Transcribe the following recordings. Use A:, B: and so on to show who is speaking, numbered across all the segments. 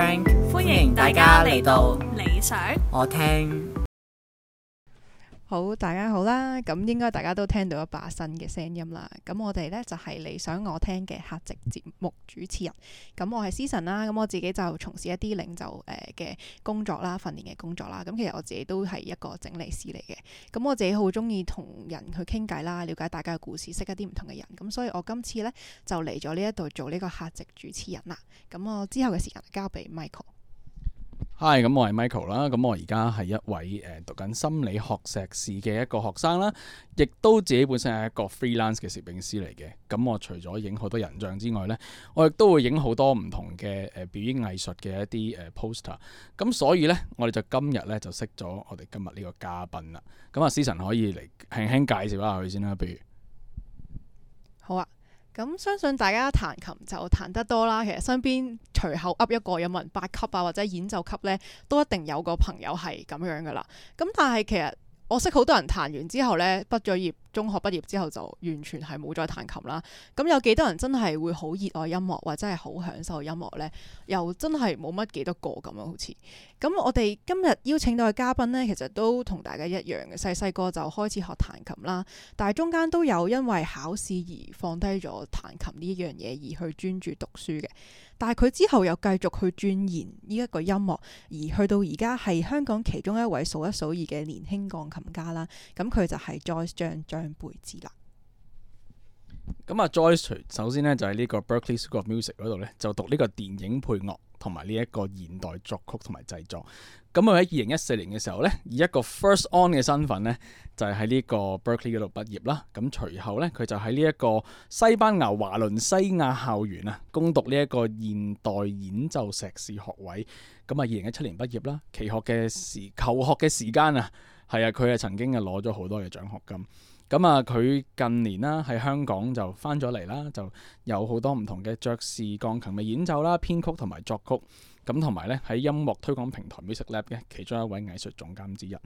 A: Frank, 歡迎大家嚟來到理想，我聽。好，大家好啦！咁應該大家都聽到一把新嘅聲音啦。咁我哋咧就係、是、你想我聽嘅客席節目主持人。咁我係 Season 啦。咁我自己就從事一啲領袖誒嘅工作啦，訓練嘅工作啦。咁其實我自己都係一個整理師嚟嘅。咁我自己好中意同人去傾偈啦，了解大家嘅故事，識一啲唔同嘅人。咁所以我今次咧就嚟咗呢一度做呢個客席主持人啦。咁我之後嘅時間交俾 Michael。
B: Hi，咁我係 Michael 啦。咁我而家係一位誒讀緊心理學碩士嘅一個學生啦，亦都自己本身係一個 freelance 嘅攝影師嚟嘅。咁我除咗影好多人像之外呢，我亦都會影好多唔同嘅誒表演藝術嘅一啲誒 poster。咁所以呢，我哋就今日呢就識咗我哋今日呢個嘉賓啦。咁啊，Season 可以嚟輕輕介紹一下佢先啦，比如，
A: 好啊。咁、嗯、相信大家彈琴就彈得多啦，其實身邊隨口噏一個有冇人八級啊，或者演奏級呢，都一定有個朋友係咁樣噶啦。咁、嗯、但係其實我識好多人彈完之後呢，畢咗業。中學畢業之後就完全係冇再彈琴啦。咁有幾多人真係會好熱愛音樂或者係好享受音樂呢？又真係冇乜幾多個咁啊，好似。咁我哋今日邀請到嘅嘉賓呢，其實都同大家一樣嘅。細細個就開始學彈琴啦，但係中間都有因為考試而放低咗彈琴呢一樣嘢，而去專注讀書嘅。但係佢之後又繼續去鑽研呢一個音樂，而去到而家係香港其中一位數一數二嘅年輕鋼琴家啦。咁佢就係 Joyce Cheung 再雙
B: 倍之咁啊。Joyce 首先咧就係呢個 Berkeley School of Music 嗰度咧就讀呢個電影配樂同埋呢一個現代作曲同埋製作。咁佢喺二零一四年嘅時候咧以一個 First on 嘅身份咧就係、是、喺、er、呢個 Berkeley 嗰度畢業啦。咁隨後咧佢就喺呢一個西班牙華倫西亞校園啊攻讀呢一個現代演奏碩士學位。咁啊，二零一七年畢業啦。求學嘅時求學嘅時間啊係啊，佢係曾經係攞咗好多嘅獎學金。咁啊，佢近年啦喺香港就翻咗嚟啦，就有好多唔同嘅爵士鋼琴嘅演奏啦、編曲同埋作曲。咁同埋咧喺音樂推廣平台 MusikLab 嘅其中一位藝術總監之一。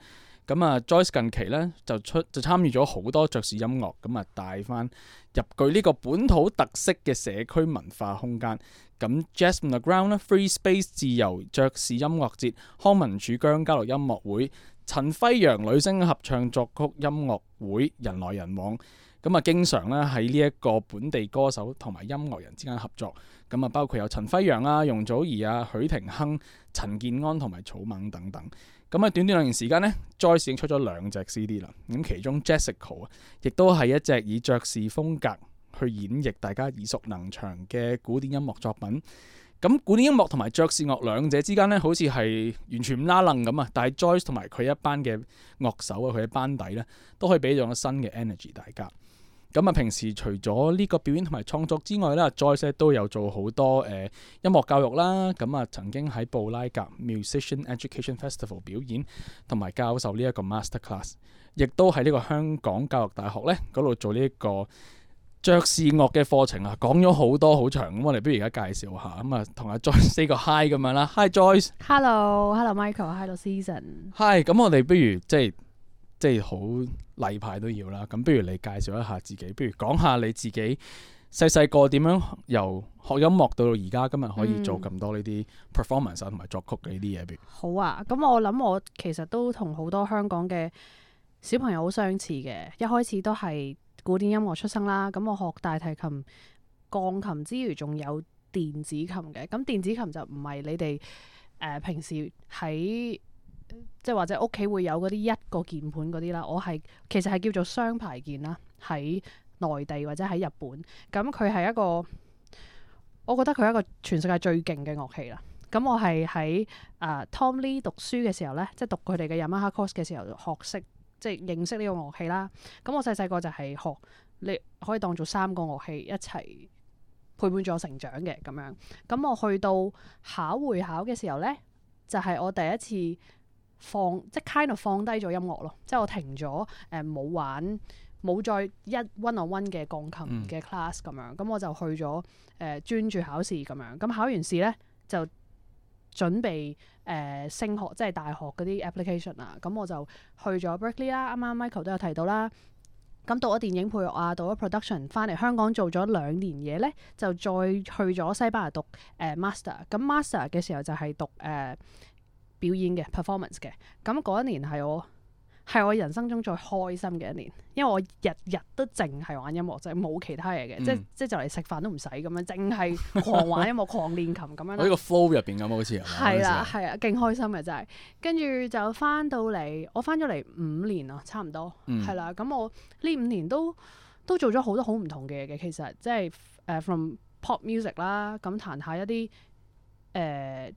B: 咁啊，Joyce 近期咧就出就參與咗好多爵士音樂，咁啊帶翻入具呢個本土特色嘅社區文化空間。咁 Jazz in the Ground Free Space 自由爵士音樂節，康文署姜家樂音樂會。陳輝陽女聲合唱作曲音樂會人來人往，咁啊經常咧喺呢一個本地歌手同埋音樂人之間合作，咁啊包括有陳輝陽啊、容祖兒啊、許廷鏗、陳建安同埋草蜢等等，咁啊短短兩年時間咧，再試出咗兩隻 C D 啦，咁其中 Jessica 亦都係一隻以爵士風格去演繹大家耳熟能詳嘅古典音樂作品。咁古典音樂同埋爵士樂兩者之間咧，好似係完全唔拉楞咁啊！但係 Joyce 同埋佢一班嘅樂手啊，佢嘅班底咧，都可以俾咗新嘅 energy 大家。咁、嗯、啊，平時除咗呢個表演同埋創作之外咧，Joyce 都有做好多誒、呃、音樂教育啦。咁、嗯、啊，曾經喺布拉格 Musician Education Festival 表演同埋教授呢一個 master class，亦都喺呢個香港教育大學咧嗰度做呢、這、一個。爵士樂嘅課程啊，講咗好多好長，咁我哋不如而家介紹下，咁啊，同阿 Joyce say 個 Hi 咁樣啦，Hi
C: Joyce，Hello，Hello Michael，Hello Season，Hi，
B: 咁我哋不如即係即係好例牌都要啦，咁不如你介紹一下自己，不如講下你自己細細個點樣由學音樂到到而家今日可以做咁多呢啲 performance 同埋、嗯、作曲嘅呢啲嘢，
C: 好啊，咁我諗我其實都同好多香港嘅小朋友好相似嘅，一開始都係。古典音樂出生啦，咁我學大提琴、鋼琴之餘，仲有電子琴嘅。咁電子琴就唔係你哋誒、呃、平時喺即係或者屋企會有嗰啲一個鍵盤嗰啲啦。我係其實係叫做雙排鍵啦，喺內地或者喺日本，咁佢係一個我覺得佢係一個全世界最勁嘅樂器啦。咁我係喺啊 Tom Lee 讀書嘅時候呢，即係讀佢哋嘅 Yamaha Course 嘅時候學識。即係認識呢個樂器啦，咁我細細個就係學，你可以當做三個樂器一齊陪伴咗我成長嘅咁樣。咁我去到考會考嘅時候呢，就係、係、我第一次放即係 kind of 放低咗音樂咯，即係我停咗誒冇玩冇再一 one on one 嘅鋼琴嘅 class 咁樣，咁我就去咗誒、呃、專注考試咁樣。咁考完試呢，就準備。誒升、呃、學即係大學嗰啲 application 啊，咁我就去咗 Berkeley 啦、啊。啱啱 Michael 都有提到啦。咁、啊、讀咗電影配樂啊，讀咗 production，翻嚟香港做咗兩年嘢呢，就再去咗西班牙讀、啊、master、啊。咁 master 嘅時候就係讀誒、啊、表演嘅 performance 嘅。咁、啊、嗰一年係我。係我人生中最開心嘅一年，因為我日日都淨係玩音樂啫，冇其他嘢嘅、嗯，即係即係就嚟食飯都唔使咁樣，淨係狂玩音樂、 狂練琴咁樣。我呢 個
B: flow 入邊咁好似係嘛？係啦，係
C: 啊，勁、啊啊、開心嘅真係。跟住、啊啊、就翻到嚟，我翻咗嚟五年咯，差唔多。係啦、嗯，咁、啊、我呢五年都都做咗好多好唔同嘅嘢嘅，其實即係誒、uh，from pop music 啦，咁彈下一啲誒。呃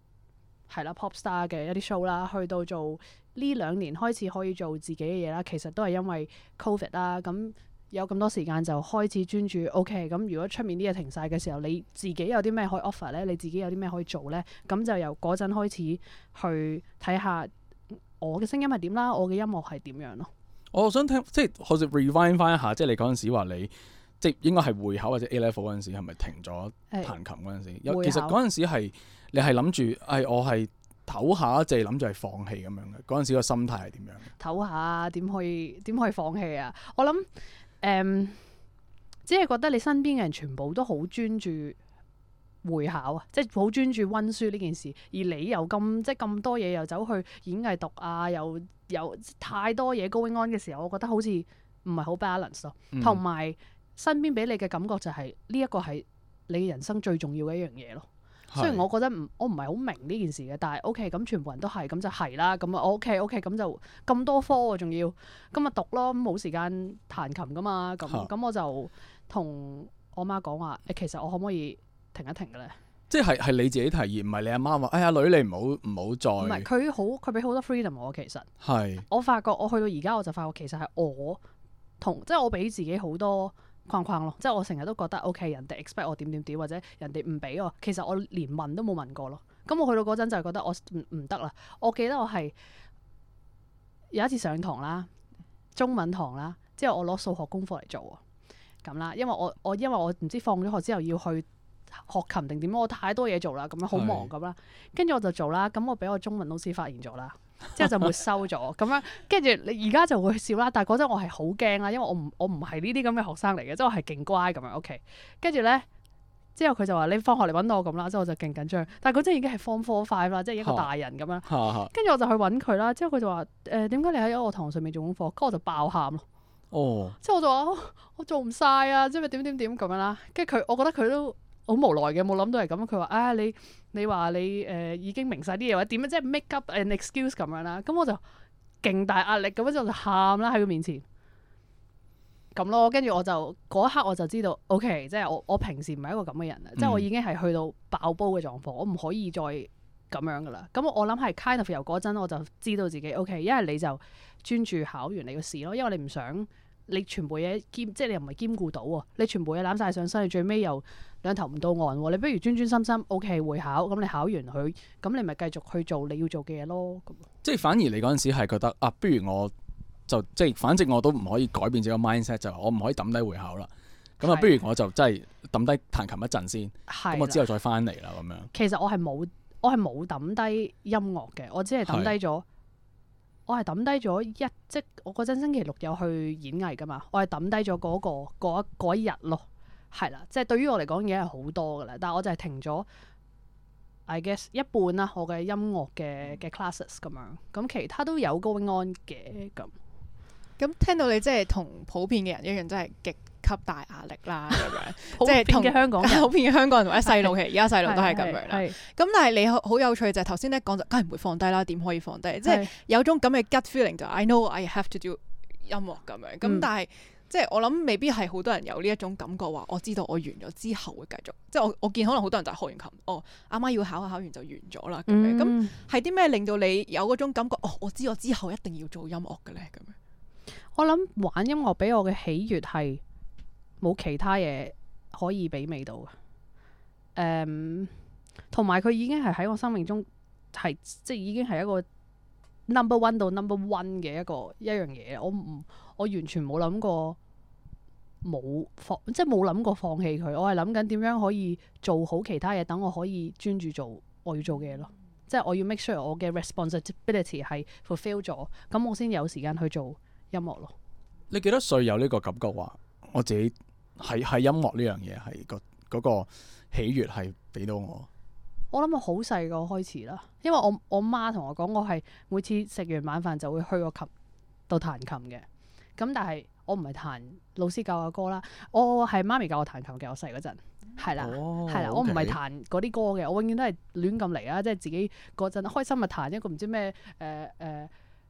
C: 係啦，pop star 嘅一啲 show 啦，去到做呢兩年開始可以做自己嘅嘢啦。其實都係因為 covid 啦，咁有咁多時間就開始專注。OK，咁如果出面啲嘢停晒嘅時候，你自己有啲咩可以 offer 咧？你自己有啲咩可以做咧？咁就由嗰陣開始去睇下我嘅聲音係點啦，我嘅音樂係點樣咯。
B: 我想聽即係好似 rewind 翻一下，即係你嗰陣時話你即係應該係會考或者 A level 嗰陣時係咪停咗彈琴嗰陣時？是考其實嗰陣時係。你係諗住，誒、哎、我係唞下，淨係諗住係放棄咁樣嘅。嗰陣時個心態係點樣？
C: 唞下點可以點可以放棄啊？我諗誒，只、嗯、係、就是、覺得你身邊嘅人全部都好專注會考啊，即係好專注温書呢件事。而你又咁即係咁多嘢又走去演藝讀啊，又又太多嘢 going on 嘅時候，我覺得好似唔係好 balance 咯。同埋、嗯、身邊俾你嘅感覺就係呢一個係你人生最重要嘅一樣嘢咯。雖然我覺得唔，我唔係好明呢件事嘅，但係 O K，咁全部人都係，咁就係啦。咁啊，O K O K，咁就咁多科啊，仲要咁啊讀咯。冇時間彈琴噶嘛。咁咁、啊、我就同我媽講話，誒、欸，其實我可唔可以停一停嘅咧？
B: 即係係你自己提議，唔係你阿媽話，哎呀女，你唔好唔好再。唔係佢
C: 好，佢俾好多 freedom 我、啊，其實。係是。我發覺我去到而家，我就發覺其實係我同即係我俾自己好多。框框咯，即係我成日都覺得 OK，人哋 expect 我點點點，或者人哋唔俾我。其實我連問都冇問過咯。咁我去到嗰陣就係覺得我唔唔得啦。我記得我係有一次上堂啦，中文堂啦，之後我攞數學功課嚟做咁啦。因為我我因為我唔知放咗學之後要去學琴定點，我太多嘢做啦，咁樣好忙咁啦。跟住是我就做啦。咁我俾我中文老師發現咗啦。 之後就沒收咗，咁樣跟住你而家就會笑啦，但係嗰陣我係好驚啦，因為我唔我唔係呢啲咁嘅學生嚟嘅，即係我係勁乖咁樣，O K，跟住咧之後佢就話你放學嚟搵我咁啦，之後我就勁緊張，但係嗰陣已經係 form four five 啦，即係一個大人咁樣，跟住我就去搵佢啦，之後佢就話誒點解你喺我堂上面做功課，跟住我就爆喊咯，哦，之後我就話我做唔晒啊，之後點點點咁樣啦，跟住佢，我覺得佢都好無奈嘅，冇諗到係咁，佢話啊你。你話你誒、呃、已經明晒啲嘢，或者點樣即係 make up an excuse 咁樣啦？咁我就勁大壓力咁樣，我就喊啦喺佢面前咁咯。跟住我就嗰一刻我就知道，OK，即係我我平時唔係一個咁嘅人啊。嗯、即係我已經係去到爆煲嘅狀況，我唔可以再咁樣噶啦。咁我我諗係 Kind of 由嗰陣，我就知道自己 OK。一係你就專注考完你個試咯，因為你唔想你全部嘢兼，即係你又唔係兼顧到啊。你全部嘢攬晒上身，你最尾又。兩頭唔到岸喎，你不如專專心心 OK 會考，咁你考完佢，咁你咪繼續去做你要做嘅嘢咯。即
B: 係反而你嗰陣時係覺得啊，不如我就即係，反正我都唔可以改變自己 mindset，就我唔可以抌低會考啦。咁啊，不如我就真係抌低彈琴一陣先，咁的我之後再翻嚟啦。咁樣其
C: 實我係冇，我係冇抌低音樂嘅，我只係抌低咗，的我係抌低咗一即我嗰陣星期六有去演藝噶嘛，我係抌低咗嗰個嗰日咯。係啦，即係對於我嚟講已經係好多噶啦，但係我就係停咗，I guess 一半啦，我嘅音樂嘅嘅 classes 咁樣，咁其他都有 going on 嘅，咁，
A: 咁聽到你即係同普遍嘅人一樣，真係極級大壓力啦咁樣，即係同香港人， 普遍嘅香港人或者細路，其實而家細路都係咁樣啦。咁但係你好有趣就係頭先咧講就梗係唔會放低啦，點可以放低？即係對 有種咁嘅 gut feeling 就 I know I have to do 音樂咁樣，咁但係。即係我諗未必係好多人有呢一種感覺，話我知道我完咗之後會繼續，即係我我見可能好多人就係學完琴哦，阿媽要考下，考完就完咗啦咁樣。咁係啲咩令到你有嗰種感覺？哦，我知我之後一定要做音樂嘅呢。咁樣。
C: 我諗玩音樂俾我嘅喜悅係冇其他嘢可以俾味道嘅。誒，同埋佢已經係喺我生命中係即係已經係一個。Number one 到 number one 嘅一個一樣嘢，我唔我完全冇諗過冇放，即係冇諗過放棄佢。我係諗緊點樣可以做好其他嘢，等我可以專注做我要做嘅嘢咯。即係我要 make sure 我嘅 responsibility 係 fulfill 咗，咁我先有時間去做音樂咯。
B: 你幾多歲有呢個感覺話，我自己係係音樂呢樣嘢係個嗰個喜悅係俾到我？
C: 我諗我好細個開始啦，因為我我媽同我講，我係每次食完晚飯就會去個琴度彈琴嘅，咁但係我唔係彈老師教我歌啦，我係媽咪教我彈琴嘅，我細嗰陣係啦，係啦，我唔係彈嗰啲歌嘅，我永遠都係亂咁嚟啊，即係自己嗰陣開心咪彈一個唔知咩誒誒。呃呃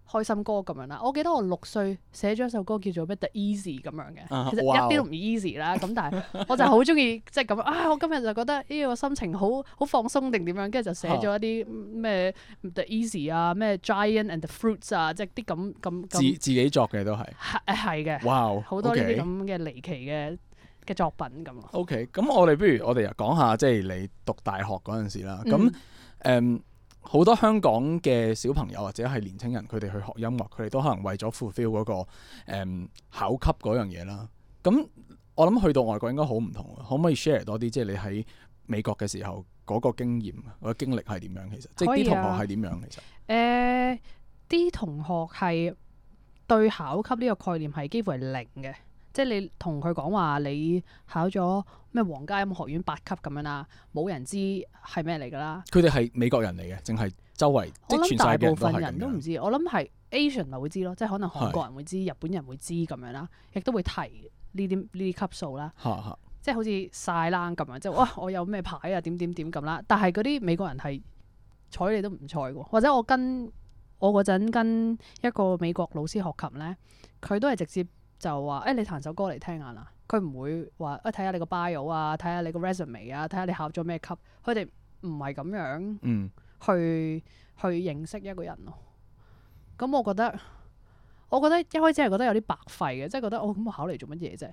C: 開心歌咁樣啦，我記得我六歲寫咗一首歌叫做咩 The Easy 咁樣嘅，啊、其實一啲都唔 easy 啦。咁 但係我就好鍾意即係咁啊！我今日就覺得呢個心情好好放鬆定點樣，跟住就寫咗一啲咩、哦、The Easy 啊，咩 Giant and the Fruits 啊，即係啲咁咁自
B: 自己作嘅都係係嘅。哇！好多呢啲咁
C: 嘅離奇嘅嘅、okay、作品咁。
B: OK，咁我哋不如我哋又講下即係、就是、你讀大學嗰陣時啦。咁誒、嗯。好多香港嘅小朋友或者係年青人，佢哋去學音樂，佢哋都可能為咗 fulfill 嗰、嗰個誒、嗯、考級嗰樣嘢啦。咁我諗去到外國應該好唔同啊！可唔可以 share 多啲？即係你喺美國嘅時候嗰、嗰個經驗或者、嗰個、經歷係點樣？其實即係啲同學係點樣？其實
C: 誒，啲、呃、同學係對考級呢個概念係幾乎係零嘅。即係你同佢講話，你考咗咩皇家音樂學院八級咁樣啦，冇人知係咩嚟㗎啦。
B: 佢哋係美國人嚟嘅，淨係周圍即係大部分人都唔
C: 知。我諗係 Asian 會知咯，即係可能韓國人會知、是日本人會知咁樣啦，亦都會提呢啲呢啲級數啦。的即係好似晒冷咁樣，即係哇！我有咩牌啊？點點點咁啦。但係嗰啲美國人係睬你都唔睬喎。或者我跟我嗰陣跟一個美國老師學琴咧，佢都係直接。就話誒、哎，你彈首歌嚟聽下啦。佢唔會話，誒、哎，睇下你個 bio 啊，睇下你個 resume 啊，睇下你考咗咩級。佢哋唔係咁樣去，嗯、去去認識一個人咯、啊。咁我覺得，我覺得一開始係覺得有啲白費嘅，即係覺得，哦，咁我考嚟做乜嘢啫？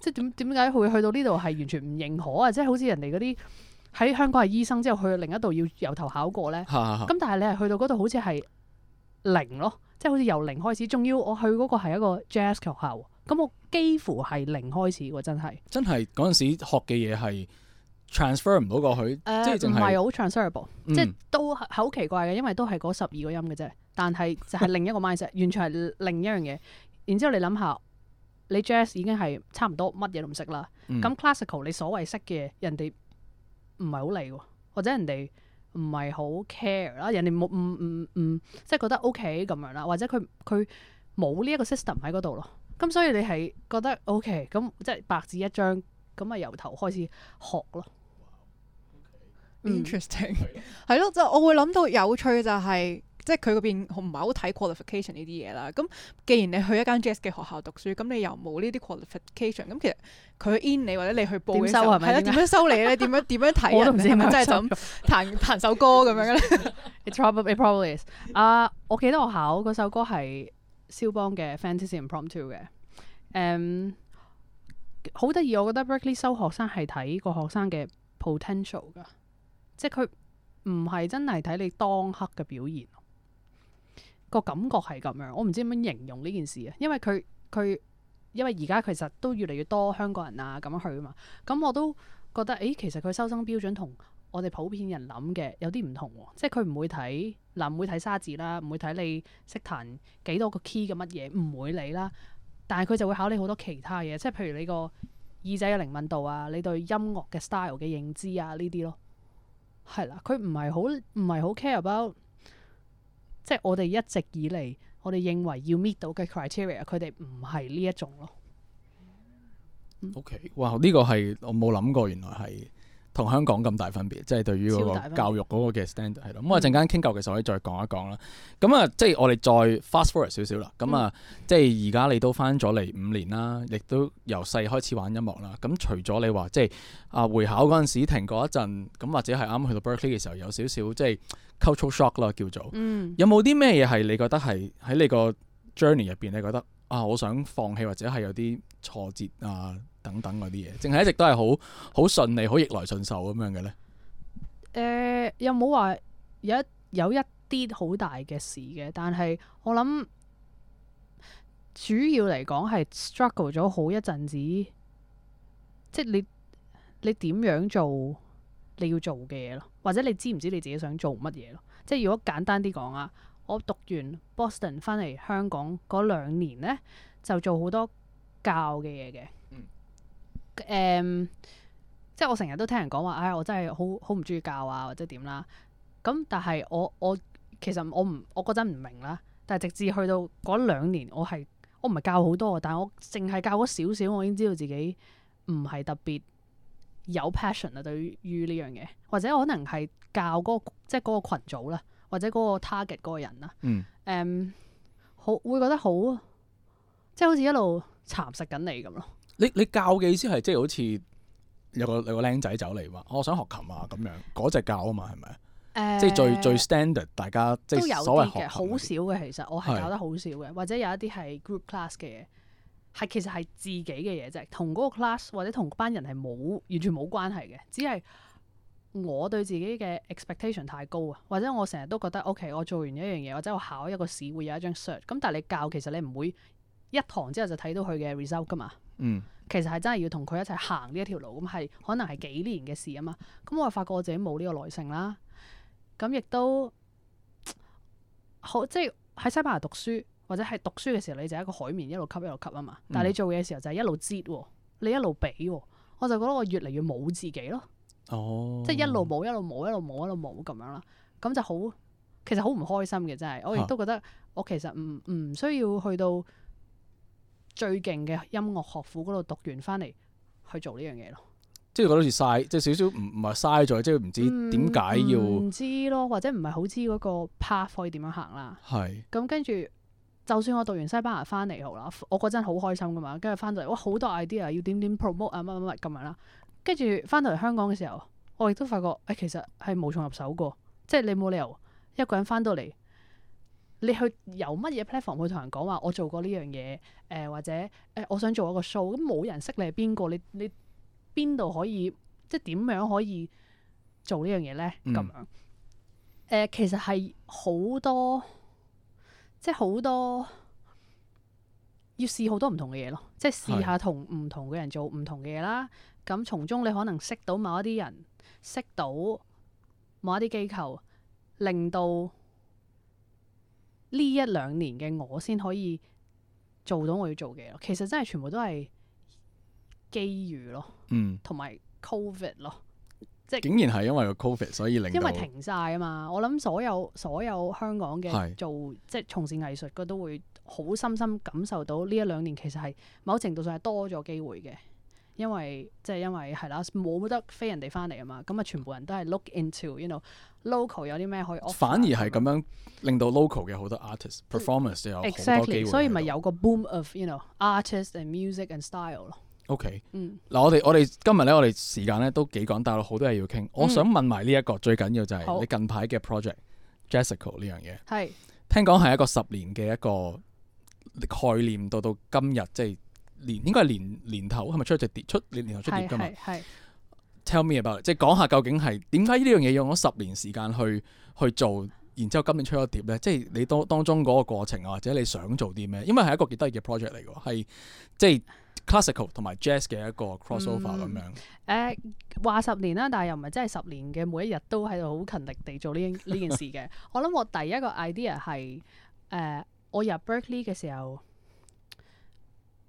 C: 即係點點解會去到呢度係完全唔認可啊？即係好似人哋嗰啲喺香港係醫生之後去到另一度要由頭考過咧。咁 但係你係去到嗰度好似係。零咯，即係好似由零開始，仲要我去嗰個係一個 jazz 學校，咁我幾乎係零開始喎，真係。
B: 真係嗰陣時學嘅嘢係 transfer 唔到過去，呃、即係唔係好
C: transferable，嗯、即係都係好奇怪嘅，因為都係嗰十二個音嘅啫。但係就係另一個 mindset 完全係另一樣嘢。然之後你諗下，你 jazz 已經係差唔多乜嘢都唔識啦。咁、嗯、classical 你所謂識嘅人哋唔係好理喎，或者人哋。唔係好 care 啦，人哋冇唔唔唔，即係覺得 OK 咁樣啦，或者佢佢冇呢一個 system 喺嗰度咯，咁所以你係覺得 OK 咁，即係白紙一張
A: 咁咪由頭開始學咯。Wow, okay.
C: Interesting，
A: 係咯，就、嗯、 我會諗到有趣就係、是。即係佢嗰邊唔係好睇 qualification 呢啲嘢啦。咁既然你去一間 Jazz 嘅學校讀書，咁你又冇呢啲 qualification，咁其實佢 in 你或者你去報收係咪？係啦，點樣收你咧？點樣點樣睇啊？我唔知，咪真係咁彈彈
C: 首歌咁樣咧。It probably probably is 啊，我記得我考嗰首歌係肖邦嘅 Fantasy Impromptu 嘅。誒，好得意，我覺得 Berklee 收學生係睇個學生嘅 potential 㗎，即係佢唔係真係睇你當刻嘅表現。個感覺係咁樣，我唔知點樣形容呢件事啊！因為佢佢，因為而家其實都越嚟越多香港人啊咁去啊嘛，咁我都覺得誒，其實佢收生標準同我哋普遍人諗嘅有啲唔同喎。哦，即係佢唔會睇，嗱、啊、唔會睇沙紙啦，唔會睇你識彈幾多個 key 嘅乜嘢，唔會理啦。但係佢就會考你好多其他嘢，即係譬如你個耳仔嘅靈敏度啊，你對音樂嘅 style 嘅認知啊呢啲咯，係啦，佢唔係好唔係好 care about。即係我哋一直以嚟，我哋認為要 meet 到嘅 criteria，佢哋唔係呢一種咯。O K，哇！呢、
B: okay. wow, 個係我冇諗過，原來係。同香港咁大分別，即係對於嗰個教育嗰個嘅 standard 係咯。咁我陣間傾夠嘅時候可以再講一講啦。咁啊、嗯，即係我哋再 fast forward 少少啦。咁啊、嗯，即係而家你都翻咗嚟五年啦，亦都由細開始玩音樂啦。咁除咗你話即係啊，會考嗰陣時停過一陣，咁或者係啱去到 Berkeley 嘅時候有少少即係 cultural shock 囉叫做。嗯。有冇啲咩嘢係你覺得係喺你個 journey 入邊你覺得？啊！我想放棄或者係有啲挫折啊等等嗰啲嘢，淨係一直都係好好順利、好逆來順受咁樣嘅呢。誒、
C: 呃，又冇話有有一啲好大嘅事嘅，但係我諗主要嚟講係 struggle 咗好一陣子，即係你你點樣做你要做嘅嘢咯？或者你知唔知你自己想做乜嘢咯？即係如果簡單啲講啊。我讀完 Boston 翻嚟香港嗰兩年咧，就做好多教嘅嘢嘅。嗯。Um, 即係我成日都聽人講話，唉、哎，我真係好好唔中意教啊，或者點啦。咁但係我我其實我唔我嗰陣唔明啦。但係直至去到嗰兩年，我係我唔係教好多，但我淨係教嗰少少，我已經知道自己唔係特別有 passion 啊對於呢樣嘢，或者可能係教嗰、那個、即係嗰個羣組啦。或者嗰個 target 嗰個人啊，誒、嗯，um, 好會覺得好，即係好似一路蠶食緊你咁咯。
B: 你你教嘅意思係即係好似有個有個靚仔走嚟話，我、哦、想學琴啊咁樣，嗰、那、隻、個、教啊嘛係咪、呃？即係最最 standard，大家即係都有啲嘅，好
C: 少嘅其實我係教得好少嘅，是或者有一啲係 group class 嘅嘢，係其實係自己嘅嘢啫，同嗰個 class 或者同班人係冇完全冇關係嘅，只係。我對自己嘅 expectation 太高啊，或者我成日都覺得 OK，我做完一樣嘢或者我考一個試會有一張 cert，咁但係你教其實你唔會一堂之後就睇到佢嘅 result 噶嘛，嗯，其實係真係要同佢一齊行呢一條路，咁係可能係幾年嘅事啊嘛，咁我發覺我自己冇呢個耐性啦，咁亦都好，即係喺西班牙讀書或者係讀書嘅時候，你就一個海綿一路吸一路吸啊嘛，但係你做嘢嘅時候就係一路擠，你一路俾，我就覺得我越嚟越冇自己咯。哦，即係一路冇，一路冇，一路冇，一路冇咁樣啦，咁就好，其實好唔開心嘅真係。啊、我亦都覺得我其實唔唔需要去到最勁嘅音樂學府嗰度讀完翻嚟，去做呢樣嘢咯，
B: 即係覺得好似嘥，即係少少唔唔係嘥咗，即係唔知點解要唔
C: 知咯，或者唔係好知嗰個 path 可以點樣行啦，係是，咁跟住就算我讀完西班牙翻嚟好啦，我嗰陣好開心噶嘛，跟住翻到嚟，哇好多 idea，要點點 promote 啊乜乜乜咁樣啦。跟住翻到嚟香港嘅時候，我亦都發覺，誒、哎、其實係無從入手過，即係你冇理由一個人翻到嚟，你去由乜嘢 platform 去同人講話，我做過呢樣嘢，誒、呃、或者誒、呃、我想做一個 show，咁冇人識你係邊個，你你邊度可以即係點樣可以做呢樣嘢咧？咁、嗯、樣，誒、呃、其實係好多，即係好多。要試好多唔同嘅嘢咯，即係試下同唔同嘅人做唔同嘅嘢啦。咁是從中你可能識到某一啲人，識到某一啲機構，令到呢一兩年嘅我先可以做到我要做嘅嘢。其實真係全部都係機遇咯，同埋、嗯、COVID 咯，嗯、即竟然係
B: 因為個 COVID 所以令到因為停
C: 晒啊嘛。我諗所有所有香港嘅做是即係從事藝術嘅都會。好深深感受到呢一兩年其實係某程度上係多咗機會嘅，因為即係因為係啦，冇得飛人哋翻嚟啊嘛。咁啊，全部人都係 look into，you know，local 有啲咩可以。Er, 反而
B: 係咁樣令到 local 嘅好多 artist performance、嗯、有 Exactly 所以
C: 咪有個 boom of，you know，artists and music and style 咯 Okay,、嗯。
B: OK，嗱，我哋我哋今日咧，我哋時間咧都幾趕大，但係好多嘢要傾。嗯、我想問埋呢一個最緊要就係、嗯、你近排嘅 project，Jessica 呢樣嘢係是是聽講係一個十年嘅一個概念到到今日，即係年應該係年年頭，係咪出一隻碟？出年年頭出碟㗎嘛？係是 Tell me about，、it. 即係講下究竟係點解呢樣嘢用咗十年時間去去做，然之後今年出咗碟咧？即係你當當中嗰個過程，或者你想做啲咩？因為係一個幾得意嘅 project 嚟㗎，係即係 classical 同埋 jazz 嘅一個 cross over 咁樣、
C: 嗯。誒、呃、話十年啦，但係又唔係真係十年嘅每一日都喺度好勤力地做呢呢件事嘅。 我諗我第一個 idea 係誒。呃我入 Berkeley 嘅時候，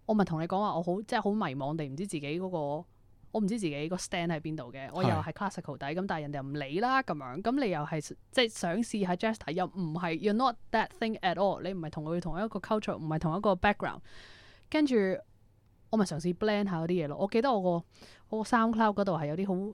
C: 我咪同你講話，我好即係好迷惘地，唔知自己嗰、嗰個，我唔知自己個 stand 喺邊度嘅。啊、我又係 classical 底，咁但係人哋又唔理啦咁樣。咁你又係即係想試下 jazz，、er, 又唔係，you're not that thing at all 你。你唔係同佢同一個 culture，唔係同一個 background。跟住我咪嘗試 blend 下嗰啲嘢咯。我記得我個我個 SoundCloud 嗰度係有啲好。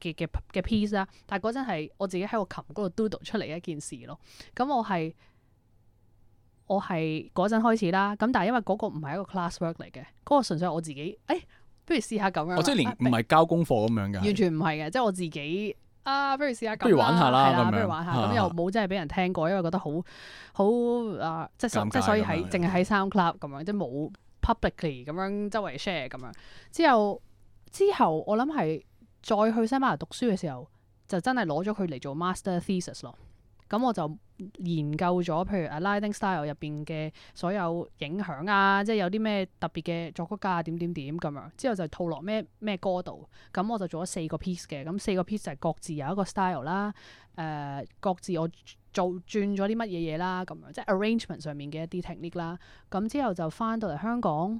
C: 嘅嘅嘅 piece 啦，但係嗰陣係我自己喺個琴嗰度 doodle 出嚟一件事咯。咁我係我係嗰陣開始啦。咁但係因為嗰個唔係一個 classwork 嚟嘅，嗰、那個純粹我自己。誒、哎，不如試下咁樣。哦、即係連
B: 唔係交功課咁樣嘅、啊，完
C: 全唔係嘅。即、就、係、是、我自己啊，不如試下咁不如玩下啦，樣不如玩下。咁、啊、又冇真係俾人聽過，因為覺得好好啊，即係所即係所以喺淨係喺 SoundCloud 咁樣，即係冇 publicly 咁樣周圍 share 咁樣。之後，之後，之，後之後我諗係。再去西班牙讀書嘅時候，就真係攞咗佢嚟做 master thesis 咯。咁、嗯、我就研究咗，譬如 Latin style 入邊嘅所有影響啊，即係有啲咩特別嘅作曲家啊，點點點咁樣，怎樣，樣。之後就套落咩咩歌度，咁、嗯、我就做咗四個 piece 嘅。咁、嗯、四個 piece 係各自有一個 style 啦，誒、呃，各自我做轉咗啲乜嘢嘢啦，咁、嗯、樣即係 arrangement 上面嘅一啲 technique 啦。咁、嗯、之後就翻到嚟香港，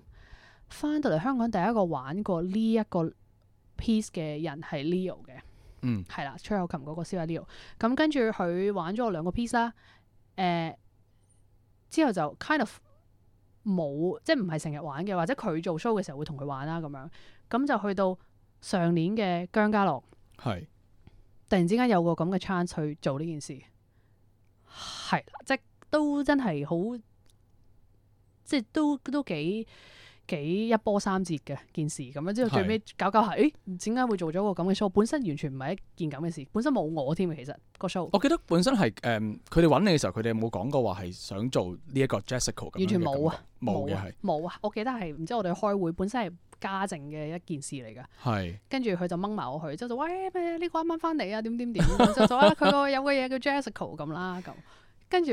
C: 翻到嚟香港第一個玩過呢、這、一個。piece 嘅人係 Leo 嘅，嗯，係啦，吹口琴嗰個係 Leo，咁跟住佢玩咗我兩個 piece 啦、呃，誒，之後就 kind of 冇，即係唔係成日玩嘅，或者佢做 show 嘅時候會同佢玩啦咁樣，咁就去到上年嘅姜家樂，
B: 係是，
C: 突然之間有個咁嘅 chance 去做呢件事，係，即都真係好，即係都都幾。幾一波三折嘅件事咁樣，之後最尾搞搞下，誒，點解會做咗個咁嘅 show？本身完全唔係一件咁嘅事，本身冇我添其實個 show。
B: 我記得本身係誒，佢哋揾你嘅時候，佢哋有冇講過話係想做呢一個 Jessica 咁嘅感覺？完全冇啊，
C: 冇啊，是啊，啊！我記得係唔知我哋開會本身係家政嘅一件事嚟㗎，係是跟住佢就掹埋我去，之後就喂，咩呢、呢個啱啱翻嚟啊？點點點？ 就就啊！佢個有個嘢叫 Jessica 咁啦咁，跟住。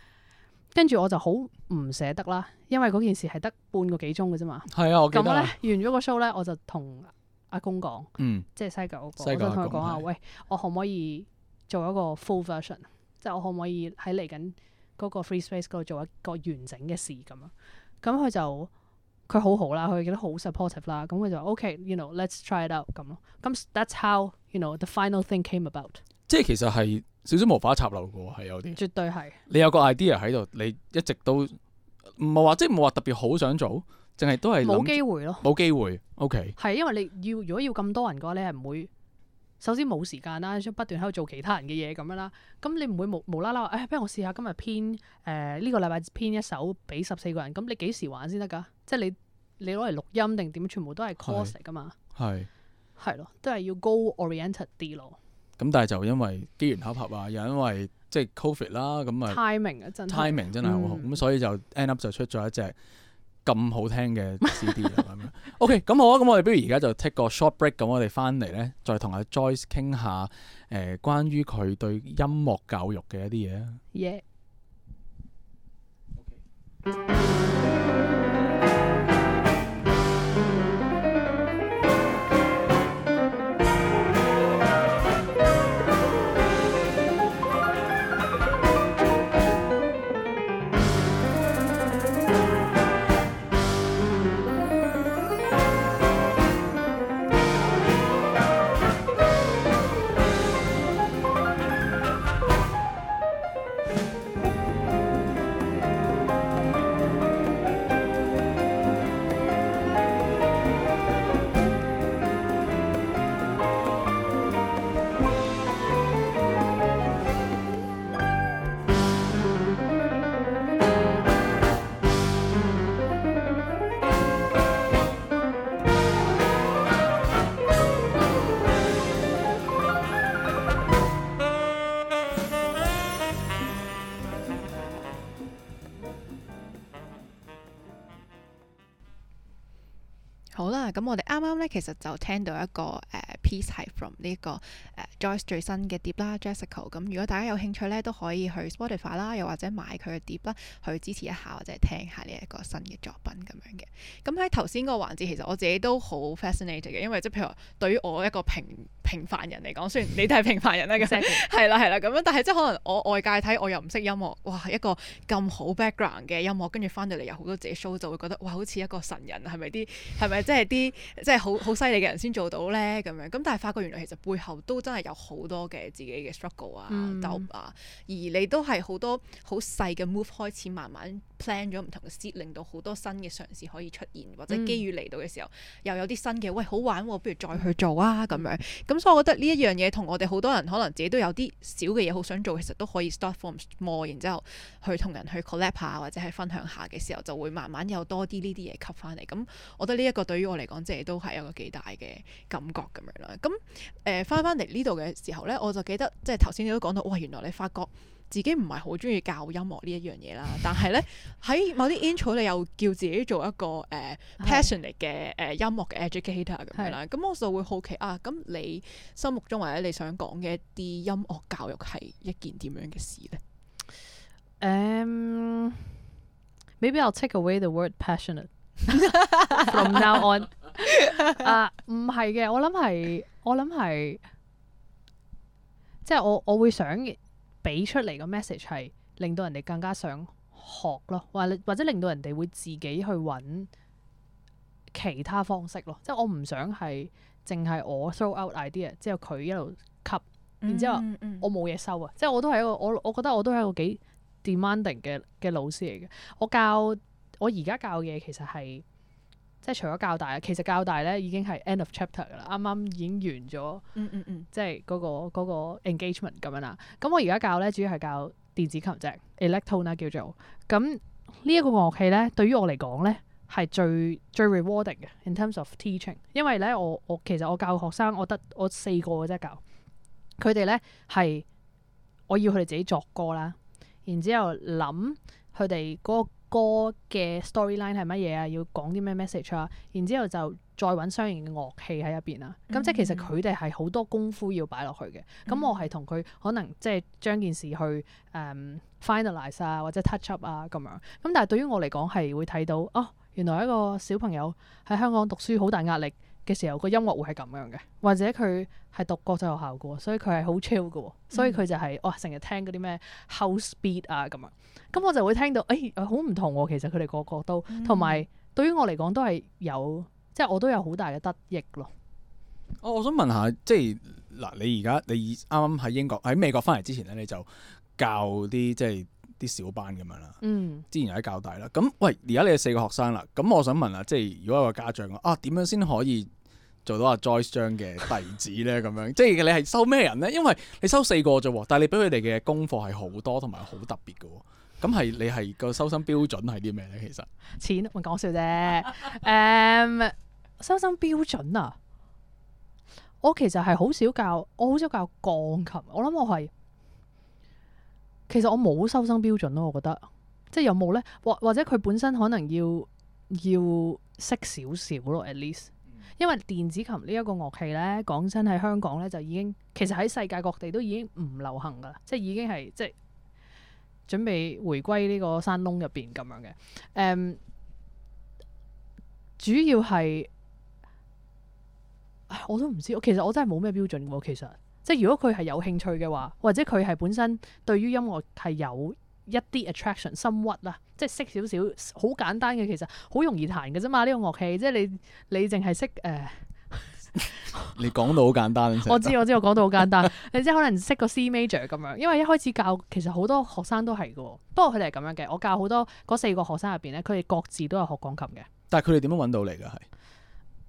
C: 跟住我就好唔捨得啦，因為嗰件事係得半個幾鐘嘅啫嘛。係啊、嗯，呢我記得咁咧完咗個 show 咧，我就同阿公講，嗯、即係西九、嗰個，西九我都同佢講啊，嗯、喂，我可唔可以做一個 full version？是即係我可唔可以喺嚟緊嗰個 free space 嗰度做一個完整嘅事咁啊？咁佢就佢好好啦，佢覺得好 supportive 啦。咁佢就 o、okay, you know，let's try it out 咁咯。咁 that's how you know the final thing came about。
B: 即係其實係。少少無法插漏嘅喎，係有啲。
C: 絕對係。
B: 你有個 idea 喺度，你一直都唔係話，即係冇話特別好想做，淨係都係冇機會咯。冇機會，OK。
C: 係因為你要如果要咁多人嘅話，你係唔會首先冇時間啦，不斷喺度做其他人嘅嘢咁樣啦。咁你唔會無無啦啦，哎，不如我試下今日編，誒呢個禮拜編一首俾十四個人。咁你幾時玩先得㗎？即係你你攞嚟錄音定點，全部都係 course 嚟㗎是嘛？係係咯，都係要 goal oriented 啲咯。
B: 咁但係就因為機緣巧合啊，又因為即係 Covid 啦，咁啊
C: timing 真係好好咁，
B: 嗯、所以就 end up 就出咗一隻咁好聽嘅 CD 咁。 OK，咁好啊，咁我哋不如而家就 take 個 short break，咁我哋翻嚟咧再同阿 Joyce 傾下誒、呃、關於佢對音樂教育嘅一啲嘢
C: 啊。Yeah。
A: 咁我哋啱啱咧，其實就聽到一個誒、uh, piece，係 from 呢個誒。Joyce 最新嘅碟啦，Jessica 咁，如果大家有興趣咧，都可以去 Spotify 啦，又或者買佢嘅碟啦，去支持一下或者聽下呢一個新嘅作品咁樣嘅。咁喺頭先個環節，其實我自己都好 fascinated 嘅，因為即係譬如話對於我一個平平凡人嚟講，雖然你都係平凡人啦，個聲係啦係啦咁樣，Exactly. 但係即係可能我外界睇我又唔識音樂，哇，一個咁好 background 嘅音樂跟住翻到嚟有好多自己 show，就會覺得哇，好似一個神人係咪啲？係咪即係啲即係好好犀利嘅人先做到咧咁樣，咁但係發覺原來其實背後都真係有。有好多嘅自己嘅 struggle 啊就、嗯、啊，而你都係好多好細嘅 move 開始慢慢。plan 咗唔同嘅 set 令到好多新嘅嘗試可以出現，或者機遇嚟到嘅時候，又有啲新嘅，嗯、喂好玩、哦，不如再去做啊咁樣。咁所以我覺得呢一樣嘢同我哋好多人可能自己都有啲小嘅嘢好想做，其實都可以 start from small 然之後去同人去 collab 下或者係分享下嘅時候，就會慢慢有多啲呢啲嘢吸翻嚟。咁我覺得呢一個對於我嚟講，即係都係一個幾大嘅感覺咁樣啦。咁誒翻翻嚟呢度嘅時候呢，我就記得即係頭先你都講到，哇原來你發覺，自己唔係好中意教音樂呢一樣嘢啦，但係呢，喺某啲 intro 你又叫自己做一個誒、uh, passionate 嘅誒、啊、音樂嘅 educator 咁、啊、樣啦，咁是我就會好奇啊，咁你心目中或者你想講嘅一啲音樂教育係一件點樣嘅事呢？m、um,
C: maybe I'll take away the word passionate from now on。啊，唔係嘅，我諗係我諗係即係我我會想。俾出嚟個 message 係令到人哋更加想學咯，或或者令到人哋會自己去揾其他方式咯。即係我唔想係淨係我 throw out idea 之後佢一路吸，然之後我冇嘢收啊。嗯嗯、即係我都係一個我我覺得我都係一個幾 demanding 嘅嘅老師嚟嘅。我教我而家教嘅嘢其實係。即係除咗教大啊，其實教大咧已經係 end of chapter 噶啦，啱啱已經完咗。嗯嗯嗯。即係嗰、那個嗰、那個 engagement 咁樣啦。咁、嗯嗯、我而家教咧，主要係教電子琴啫、就是、electronic 叫做。咁、嗯這個、呢一個樂器咧，對於我嚟講咧，係最最 rewarding 嘅，in terms of teaching。因為咧，我我其實我教學生，我得我四個啫教。佢哋咧係我要佢哋自己作歌啦，然之後諗佢哋嗰個。歌嘅 storyline 係乜嘢啊？要講啲咩 message 啊？然之後就再揾相應嘅樂器喺入邊啊！咁、嗯、即係其實佢哋係好多功夫要擺落去嘅。咁、嗯、我係同佢可能即係將件事去誒、um, finalize 啊，或者 touch up 啊咁樣。咁但係對於我嚟講係會睇到哦，原來一個小朋友喺香港讀書好大壓力。嘅時候個音樂會係咁樣嘅，或者佢係讀國際學校嘅喎，所以佢係好 chill 嘅喎，所以佢就係我成日聽嗰啲咩 house speed 啊咁樣，咁我就會聽到，哎，好唔同喎，其實佢哋個個都，同埋對於我嚟講都係有，即係我都有好大嘅得益咯。嗯、
B: 哦，我想問下，即係嗱，你而家你啱啱喺英國喺美國翻嚟之前咧，你就教啲即係。啲小班咁樣啦，之前有啲教大啦。咁喂，而家你有四個學生啦，咁我想問啊，即係如果有個家長啊，點樣先可以做到阿 Joyce 張嘅弟子咧？咁 樣即係你係收咩人咧？因為你收四個啫，但係你俾佢哋嘅功課係好多同埋好特別嘅。咁係你係個收生標準係啲咩咧？其實
C: 錢我講笑啫。誒， um, 收生標準啊，我其實係好少教，我好少教鋼琴。我諗我係。其實我冇收生標準咯，我覺得，即係有冇呢？或或者佢本身可能要要識少少咯，at least，嗯，因為電子琴呢一個樂器呢，講真喺香港呢，就已經，其實喺世界各地都已經唔流行噶啦，即係已經係即係準備回歸呢個山窿入邊咁樣嘅，誒，um，主要係，我都唔知，其實我真係冇咩標準喎，其實。即係如果佢係有興趣嘅話，或者佢係本身對於音樂係有一啲 attraction、心鬱啦，即係識少少，好簡單嘅，其實好容易彈嘅啫嘛。呢個樂器，即係你你淨係識誒。
B: 你講到好簡單。 我知我
C: 知，我講到好簡單。 你即係可能識個 C major 咁樣，因為一開始教其實好多學生都係嘅。不過佢哋係咁樣嘅。我教好多嗰四個學生入邊咧，佢哋各自都有學鋼琴嘅。
B: 但係佢哋點樣揾到你嘅係？
C: 誒、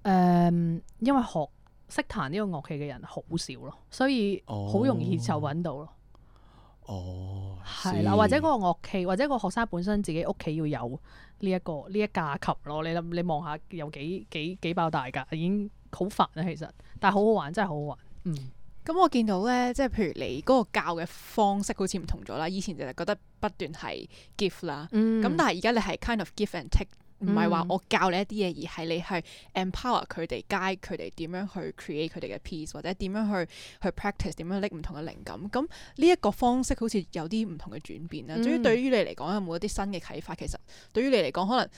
C: 嗯，因為學。識彈呢個樂器嘅人好少咯，所以好容易就揾到咯。
B: 哦，係啦，或者個
C: 樂器，或者個學生本身自己屋企要有呢、這、一個呢一架琴咯。你諗你望下有幾幾
A: 幾包大噶，已經好煩啦。其實，但係好好玩，真係好好玩。
C: 嗯，
A: 咁我見到呢，即係譬如你嗰個教嘅方式好似唔同咗啦。以前就係覺得不斷係 give 啦，咁但係而家你係 kind of give and take。唔係話我教你一啲嘢，而係你係 empower 佢哋 guide 佢哋點樣去 create 佢哋嘅 piece，或者點樣去去 practice，點樣拎唔同嘅靈感。咁呢一個方式好似有啲唔同嘅轉變啦。至於、mm. 對於你嚟講，有冇一啲新嘅啟發？其實對於你嚟講，可能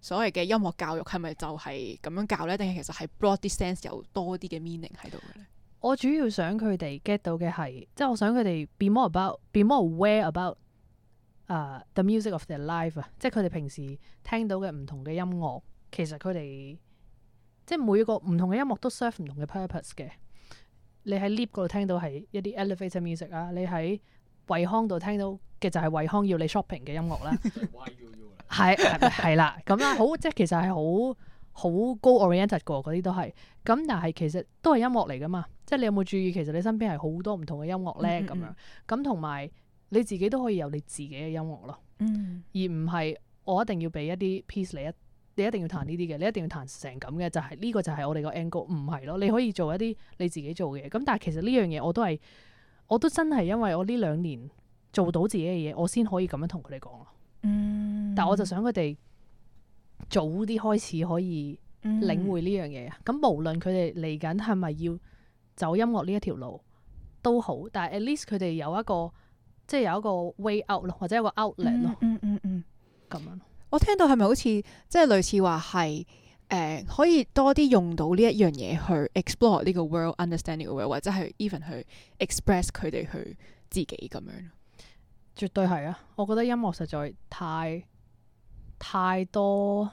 A: 所謂嘅音樂教育係咪就係咁樣教呢？定係其實係 broad 啲 sense 有多啲嘅 meaning 喺度嘅咧？
C: 我主要想佢哋 get 到嘅係，即係我想佢哋 be more about，be more aware about。誒、uh，the music of their life 啊，即係佢哋平時聽到嘅唔同嘅音樂，其實佢哋即係每一個唔同嘅音樂都 serve 唔同嘅 purpose 嘅。你喺 lift 嗰度聽到係一啲 elevator music 啊，你喺惠康度聽到嘅就係惠康要你 shopping 嘅音樂啦。係係啦，咁啦，好即係其實係好好高 oriented 個嗰啲都係。咁但係其實都係音樂嚟㗎嘛。即係你有冇注意其實你身邊係好多唔同嘅音樂咧咁樣。咁同埋。你自己都可以有你自己嘅音樂咯，嗯、而唔係我一定要俾一啲 piece 你一你一定要彈呢啲嘅，你一定要彈成咁嘅，就係、是、呢、呢個就係我哋個 angle，唔係咯，你可以做一啲你自己做嘅嘢。咁但係其實呢樣嘢我都係我都真係因為我呢兩年做到自己嘅嘢，我先可以咁樣同佢哋講咯。嗯、但我就想佢哋早啲開始可以領會呢樣嘢。咁、嗯嗯、無論佢哋嚟緊係咪要走音樂呢一條路都好，但係 at least 佢哋有一個。即係有一個 way out 咯，或者有個 outlet 咯，嗯。嗯嗯嗯，
A: 咁、嗯、樣。我聽到係咪好似即係類似話係誒，可以多啲用到呢一樣嘢去 explore 呢個 world，understanding 呢個 world，或者係 even 去 express 佢哋去自己咁樣。嗯嗯嗯、絕對係啊！
C: 我覺得音樂實在太太多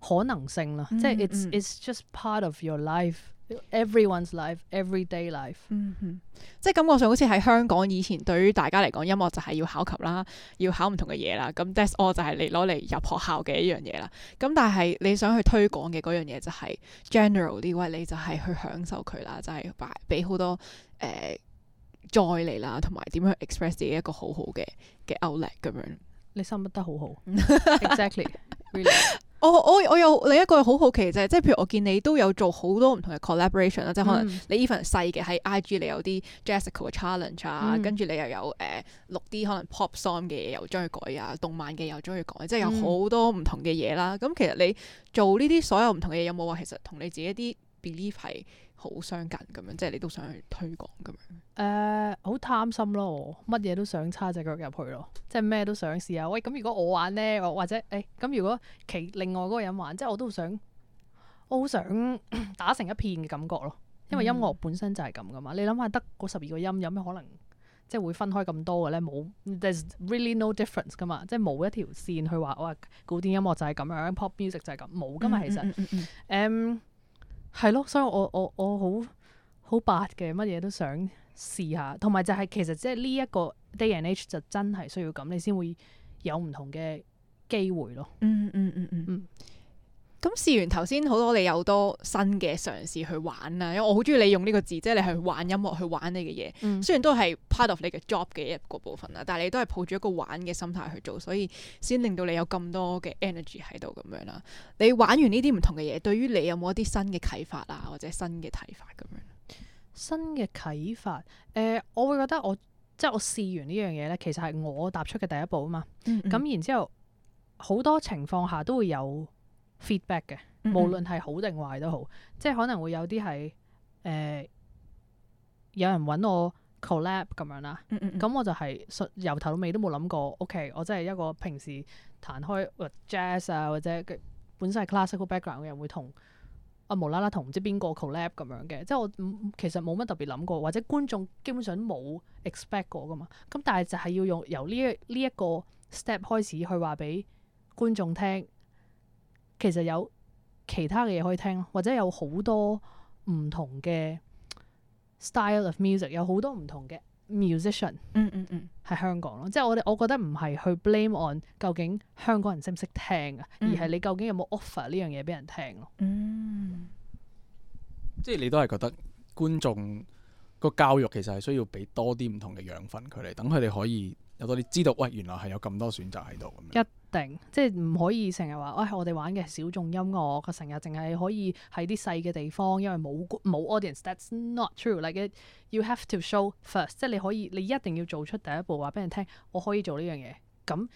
C: 可能性啦。嗯嗯、即係 it's it's just part of your life。Everyone's life, everyday life。嗯
A: 哼，即係感覺上好似喺香港以前，對於大家嚟講，音樂就係要考級啦，要考唔同嘅嘢啦。咁 that's all 就係你攞嚟入學校嘅一樣嘢啦。咁但係你想去推廣嘅嗰樣嘢就係 general 啲，喂，你就係去享受佢啦，就係擺俾好多誒 joy 嚟啦，同埋點樣 express 自己一個好好嘅嘅 outlet 咁樣。你生活得好好。 Exactly really。 我我我有另一個好好奇就係，即係譬如我見你都有做好多唔同嘅 collaboration 啦、嗯，即係可能你 even 細嘅喺 IG 你有啲 Jessica 嘅 challenge 啊，跟住、嗯、你又有誒、呃、錄啲可能 pop song 嘅嘢又將佢改啊，動漫嘅又將佢改，即係有好多唔同嘅嘢啦。咁、嗯、其實你做呢啲所有唔同嘅嘢，有冇話其實同你自己啲？Believe 係好相近咁樣，即係你都想去推廣咁樣。誒，好貪心咯，我乜嘢
C: 都想叉隻腳入去咯，即係咩都想試下。喂，咁如果我玩咧，我或者誒，咁、欸、如果其另外嗰個人玩，即係我都想，我好想 打成一片嘅感覺咯。因為音樂本身就係咁噶嘛，mm. 你諗下得嗰十二個音，有咩可能即係會分開咁多嘅咧？冇，There's really no difference 噶嘛，即係冇一條線去話哇，古典音樂就係咁樣，pop music 就係咁，冇噶嘛，其實誒。Mm. Mm. Um, 係咯，所以我我我好好搏嘅，乜嘢都想試下，同埋就係、是、其實即係呢一個 day and age 就真係需要咁，你先會有唔同嘅
A: 機會咯。嗯嗯嗯嗯嗯。嗯嗯嗯嗯咁試完頭先好多你有多新嘅嘗試去玩啦，因為我好中意你用呢個字，即係你去玩音樂，去玩呢個嘢。嗯、雖然都係 part of 你嘅 job 嘅一個部分啦，但係你都係抱住一個玩嘅心態去做，所以先令到你有咁多嘅 energy 喺度咁樣啦。你玩完呢啲唔同嘅嘢，對於你有冇一啲新嘅啟發啊，或者新嘅睇法咁樣？新嘅啟發，誒、呃，
C: 我會覺得我即係我試完呢樣嘢咧，其實係我踏出嘅第一步啊嘛。咁、嗯嗯、然之後好多情況下都會有。feedback 嘅，無論係好定壞都好，即係可能會有啲係誒有人揾我 collab 咁樣啦，咁我就係由頭到尾都冇諗過，OK，我真係一個平時彈開 jazz 啊或者本身係 classical background 嘅人會同啊無啦啦同唔知邊個 collab 咁樣嘅，即係我其實冇乜特別諗過，或者觀眾基本上冇 expect 過噶嘛，咁但係就係要用由呢一呢一個 step 開始去話俾觀眾聽。其實有其他嘅嘢可以聽咯，或者有好多唔同嘅 style of music，有好多唔同嘅 musician，嗯嗯嗯，喺、嗯嗯、香港咯。即係我哋，我覺得唔係去 blame on 究竟香港人識唔識聽啊，而係你究竟有冇 offer 呢樣嘢俾人聽咯。嗯，
B: 即係你都係覺得觀眾個教育其實係需要俾多啲唔同嘅養分佢哋，等佢哋可以。有多啲知道，喂，原來係有咁多選擇喺度咁
C: 樣。一定，即係唔可以成日話，喂、哎，我哋玩嘅小眾音樂，佢成日淨係可以喺啲細嘅地方，因為冇冇 audience。That's not true。Like it, you have to show first，即係你可以，你一定要做出第一步話俾人聽，我可以做呢樣嘢。咁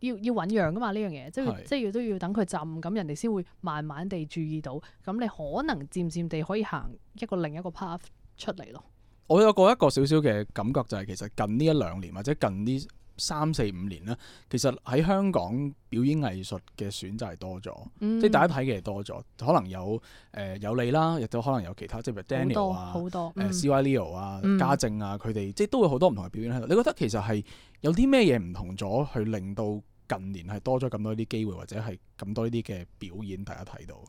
C: 要要醞釀噶嘛呢樣嘢，即係是即係都要等佢浸，咁人哋先會慢慢地注意到。咁你可能漸漸地可以行一個另一個 path 出嚟咯。
B: 我有過一個少少嘅感覺，就係、是、其實近呢一兩年或者近呢三四五年咧，其實喺香港表演藝術嘅選擇係多咗，嗯、即係大家睇嘅多咗。可能有誒、呃、有你啦，亦都可能有其他，即係 Daniel 啊，誒、
C: 嗯呃、CY Leo 啊，嗯、家
B: 政啊，佢哋即係都會好多唔同嘅表演喺度。嗯、你覺得其實係有啲咩嘢唔同咗，去令到近年係多咗咁多啲機會，或者係咁多呢啲嘅表演大家睇到？
C: 誒、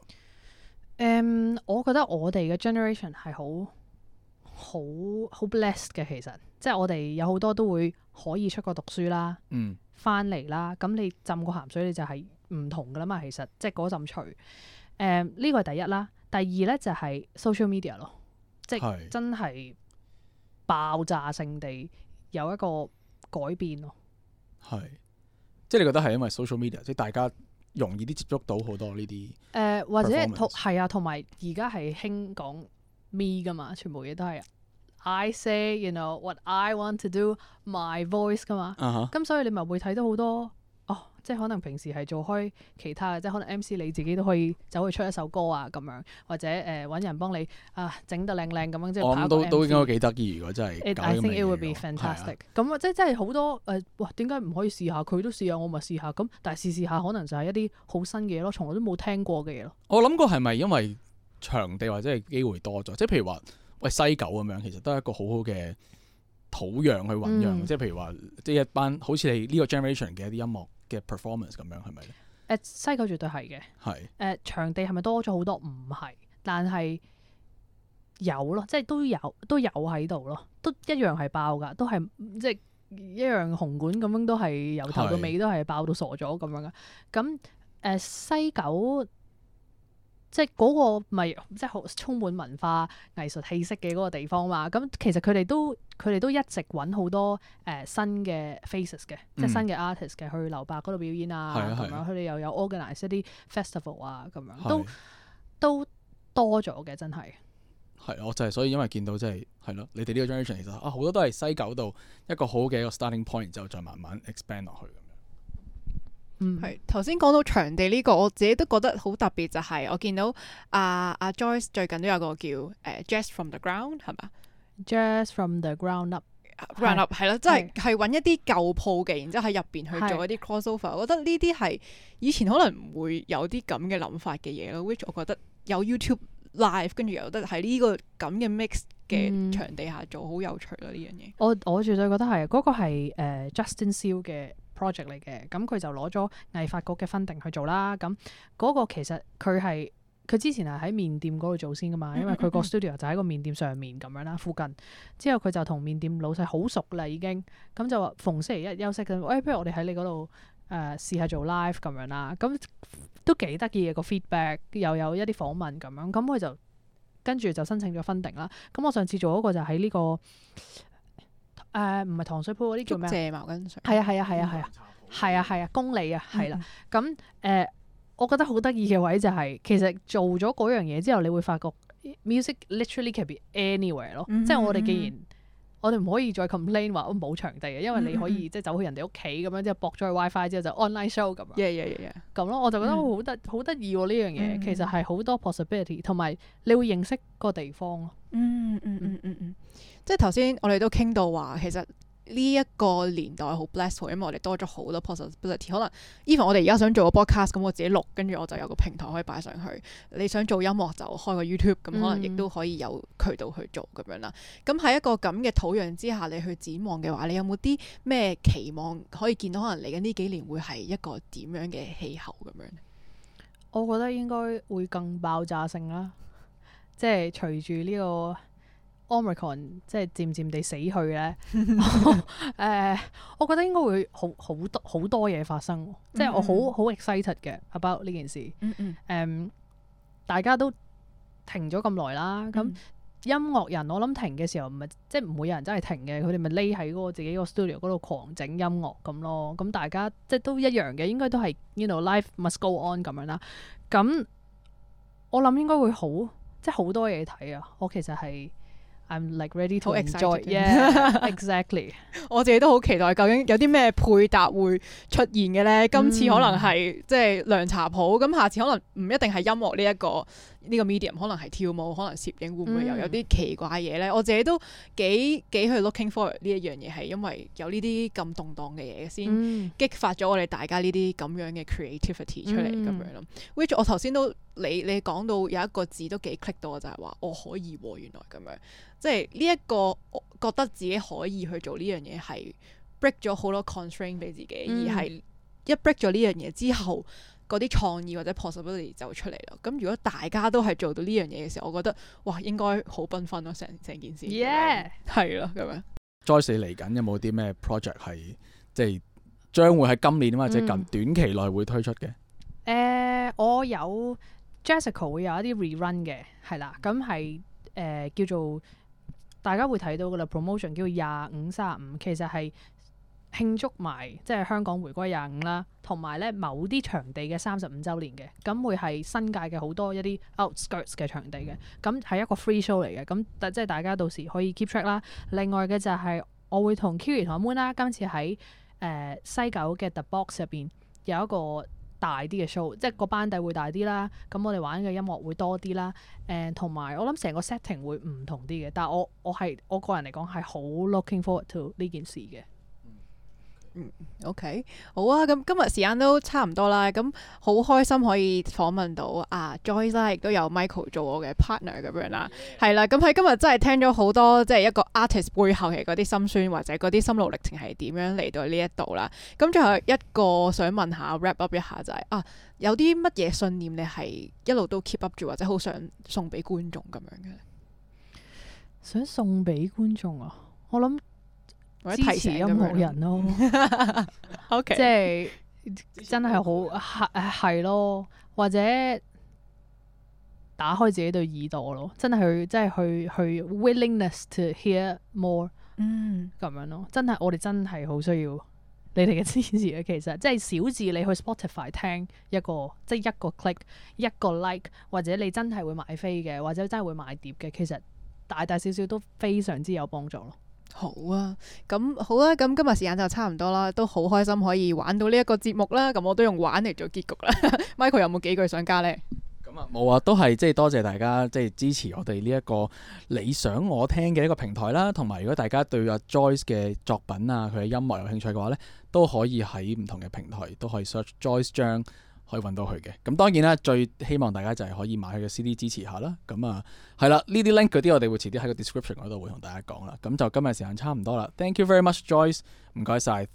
C: 嗯，我覺得我哋嘅 generation 係好。好好 bless 嘅，其實即係我哋有好多都會可以出國讀書啦，翻嚟、嗯、啦，咁你浸過鹹水你就係唔同噶啦嘛，其實即係嗰陣除，誒、嗯、呢、這個係第一啦，第二咧就係、是、social media 咯，即係真係爆炸性地有一個改變咯，
B: 係即係你覺得係因為 social media 即係大家容易啲接觸到好多呢啲
C: 誒，或者係同係啊，同埋而家係興講。me 噶嘛，全部嘢都係 I say，you know what I want to do，my voice 噶嘛。咁、uh huh. 嗯、所以你咪會睇到好多哦，即係可能平時係做開其他嘅，即係可能 MC 你自己都可以走去出一首歌啊咁樣，或者誒揾、呃、人幫你啊整得靚靚咁樣，即係都都應該
B: 幾得意。如果真係 It，I think it will be fantastic、
C: 啊。咁、嗯、即係即係好多誒、呃，哇！點解唔可以試下？佢都試下，我咪試下。咁但係試試下，可能就係一啲好新嘅嘢咯，從來都冇聽過嘅嘢咯。
B: 我諗過係咪因為？場地或者係機會多咗，即係譬如話，喂西九咁樣，其實都係一個好好嘅土壤去醖釀。嗯、即係譬如話，即係一班好似你呢個 generation 嘅一啲音樂嘅 performance 咁樣，係咪？誒、
C: 啊、西九絕對係嘅。係誒是、啊、場地係咪多咗好多？唔係，但係有咯，即係都有都有喺度咯，都一樣係爆㗎，都係即係一樣紅館咁樣，都係由頭到尾都係爆到傻咗咁樣㗎。咁誒是、啊、西九。即係個咪即係好充滿文化藝術氣息嘅個地方嘛，咁其實佢哋都佢哋都一直揾好多誒、呃、新嘅 faces 嘅，嗯、即係新嘅 artist 嘅去留白度表演啊，係、嗯、啊，係啊，佢哋又有 organize 一啲 festival 啊，咁樣都、啊、都多咗嘅，真係，
B: 係啊，我就係所以因為見到即係係咯，你哋呢個 generation 其實啊好多都係西九度一個好嘅一個 starting point，然之後再慢慢 expand 落去。
A: 嗯，係頭先講到場地呢、這個，我自己都覺得好特別，就係、是、我見到阿、啊、阿、啊、Joyce 最近都有個叫誒、呃、Jazz from the ground 係咪
C: ，Jazz from the
A: ground up，ground up 係咯，即係係搵一啲舊鋪嘅，然之後喺入邊去做一啲 crossover，對我覺得呢啲係以前可能唔會有啲咁嘅諗法嘅嘢咯。Which 我覺得有 YouTube live 跟住有得喺呢個咁嘅 mix 嘅場地下做好、嗯、有趣咯呢樣嘢。這
C: 個、我我絕對覺得係，嗰、那個係誒、呃、Justin Seal 嘅。project 嚟嘅，咁佢就攞咗藝發局嘅 funding 去做啦。咁嗰個其實佢係佢之前係喺麵店嗰度做先噶嘛，因為佢個 studio 就喺個麵店上面咁樣啦，附近。之後佢就同麵店老細好熟啦，已經咁就話逢星期一休息嘅，喂，不如我哋喺你嗰度誒試下做 live 咁樣啦。咁都幾得意嘅個 feedback，又有，有一啲訪問咁樣，咁佢就跟住就申請咗 funding 啦。咁我上次做嗰個就喺呢個。誒，唔係、呃、糖水鋪嗰啲叫咩？係啊係啊係啊係啊，係啊係啊， 啊，啊，啊公里啊，係啦、啊。咁誒、嗯呃，我覺得好得意嘅位就係、是，其實做咗嗰樣嘢之後，你會發覺 music literally can be anywhere 咯。嗯嗯嗯即係我哋既然我哋唔可以再 complain 話冇場地嘅，因為你可以即係走去人哋屋企咁樣即係，駁咗去 wifi 之後就 online show 咁樣。咁、yeah, yeah, yeah, yeah. 咯，我就覺得好得好得意呢樣嘢，其實係好多 possibility，
A: 同埋你會認識個地方咯。嗯嗯嗯嗯即係頭先，我哋都傾到話，其實呢一個年代好 blessed，因為我哋多咗好多 possibility。可能 even 我哋而家想做個 broadcast，咁我自己錄，跟住我就有個平台可以擺上去。你想做音樂就開個 YouTube，咁可能亦都可以有渠道去做咁、嗯、樣啦。咁喺一個咁嘅土壤之下，你去展望嘅話，你有冇啲咩期望可以見到？可能嚟緊呢幾年會係一個點樣嘅氣候咁樣？我覺得應該會更爆炸
C: 性啦，即係隨住呢個。Omicron 即係漸漸地死去咧，誒、 呃，我覺得應該會好好多好多嘢發生，mm hmm. 即係我好好 excited 嘅 about 呢件事。嗯、mm hmm. um, 大家都停咗咁耐啦，咁、mm hmm. 音樂人我諗停嘅時候，唔係即係唔會有人真係停嘅，佢哋咪匿喺嗰個自己個 studio 嗰度狂整音樂咁咯。咁大家即係都一樣嘅，應該都係，you know，life must go on 咁樣啦。咁我諗應該會好即係好多嘢睇啊！我其實係。I'm like ready to enjoy. To yeah,
A: exactly， 我自己都好期待，究竟有啲咩配搭會出現嘅呢？今次可能係、嗯、即係涼茶鋪，咁下次可能唔一定係音樂呢一個。呢個 medium 可能係跳舞，可能攝影，會唔會又有啲奇怪嘢呢？我自己都幾幾去 looking forward 呢一樣嘢，係因為有呢啲咁動盪嘅嘢，先激發咗我哋大家呢啲咁樣嘅 creativity 出嚟咁、嗯、樣咯。嗯、Which 我頭先都你你講到有一個字都幾 click 到，就係、是、話我可以、哦，原來咁樣。即係呢一個我覺得自己可以去做呢樣嘢，係 break 咗好多 constraint 俾自己，嗯、而係一 break 咗呢樣嘢之後。嗰啲創意或者 possibility 就出嚟咯。咁如果大家都係做到呢樣嘢嘅時候，我覺得哇，應該好繽紛咯！成成件事耶，e 係咯，咁 Yeah! 樣。
B: Joyce 嚟緊有冇啲咩 project 係即係、就是、將會喺今年或者近短期內會推出嘅？
C: 誒、嗯呃，我有 Jessica 會有一啲 re-run 嘅，係啦，咁係誒叫做大家會睇到嘅啦 promotion，叫廿五卅五，35，其實係。慶祝埋即係香港回歸廿五啦，同埋咧某啲場地嘅三十五週年嘅，咁會係新界嘅好多一啲 outskirts 嘅場地嘅，咁係一個 free show 嚟嘅。咁即係大家到時可以 keep track 啦。另外嘅就係我會同 Kiri 同阿 Moon 啦，今次喺誒、呃、西九嘅 The Box 入邊有一個大啲嘅 show，即係個班底會大啲啦。咁我哋玩嘅音樂會多啲啦。誒、呃、同埋我諗成個 setting 會唔同啲嘅，但係我我係我個人嚟講係好 looking forward to 呢件事嘅。
A: o、okay. k 好啊。咁今日時間都差唔多啦。咁好開心可以訪問到啊 Joyce 啦，啊，亦都有 Michael 做我嘅 partner 咁樣啦。係 Yeah. 啦，咁喺今日真係聽咗好多，即係一個 artist 背後嘅嗰啲心酸或者嗰啲心路歷程係點樣嚟到呢一度啦。咁最後一個想問下 wrap up 一下就係、是、啊，有啲乜嘢信念你係一路都 keep up 住或者好想送俾觀眾咁樣嘅？
C: 想送俾觀眾啊，我諗。或提支持音樂人咯， Okay. 即係真係好係誒係咯，或者打開自己對耳朵咯，真係去真係去去 willingness to hear more，咁、嗯、樣咯，真係我哋真係好需要你哋嘅支持嘅。其實即係小至你去 Spotify 聽一個，即係一個 click 一個 like，或者你真係會買飛嘅，或者真係會買碟嘅，其實大大小小都非常之有幫助咯。
A: 好啊，咁好啦、啊，咁今日時間就差唔多啦，都好開心可以玩到呢一個節目啦，咁我都用玩嚟做結局啦。 Michael 有冇幾句想加呢？
B: 咁啊，冇啊，都係即係多謝大家即係支持我哋呢一個你想我聽嘅一個平台啦，同埋如果大家對阿 Joyce 嘅作品啊，佢嘅音樂有興趣嘅話呢，都可以喺唔同嘅平台都可以 search Joyce 張。可以揾到佢嘅，咁當然啦，最希望大家就係可以買佢嘅 CD 支持下啦。咁、嗯、啊，係、嗯、啦，呢啲 link 嗰啲我哋會遲啲喺個 description 嗰度會同大家講啦。咁就今日時間差唔多啦 Bye bye.，thank you very much Joyce，唔該晒。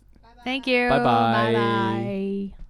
C: thank you，拜拜。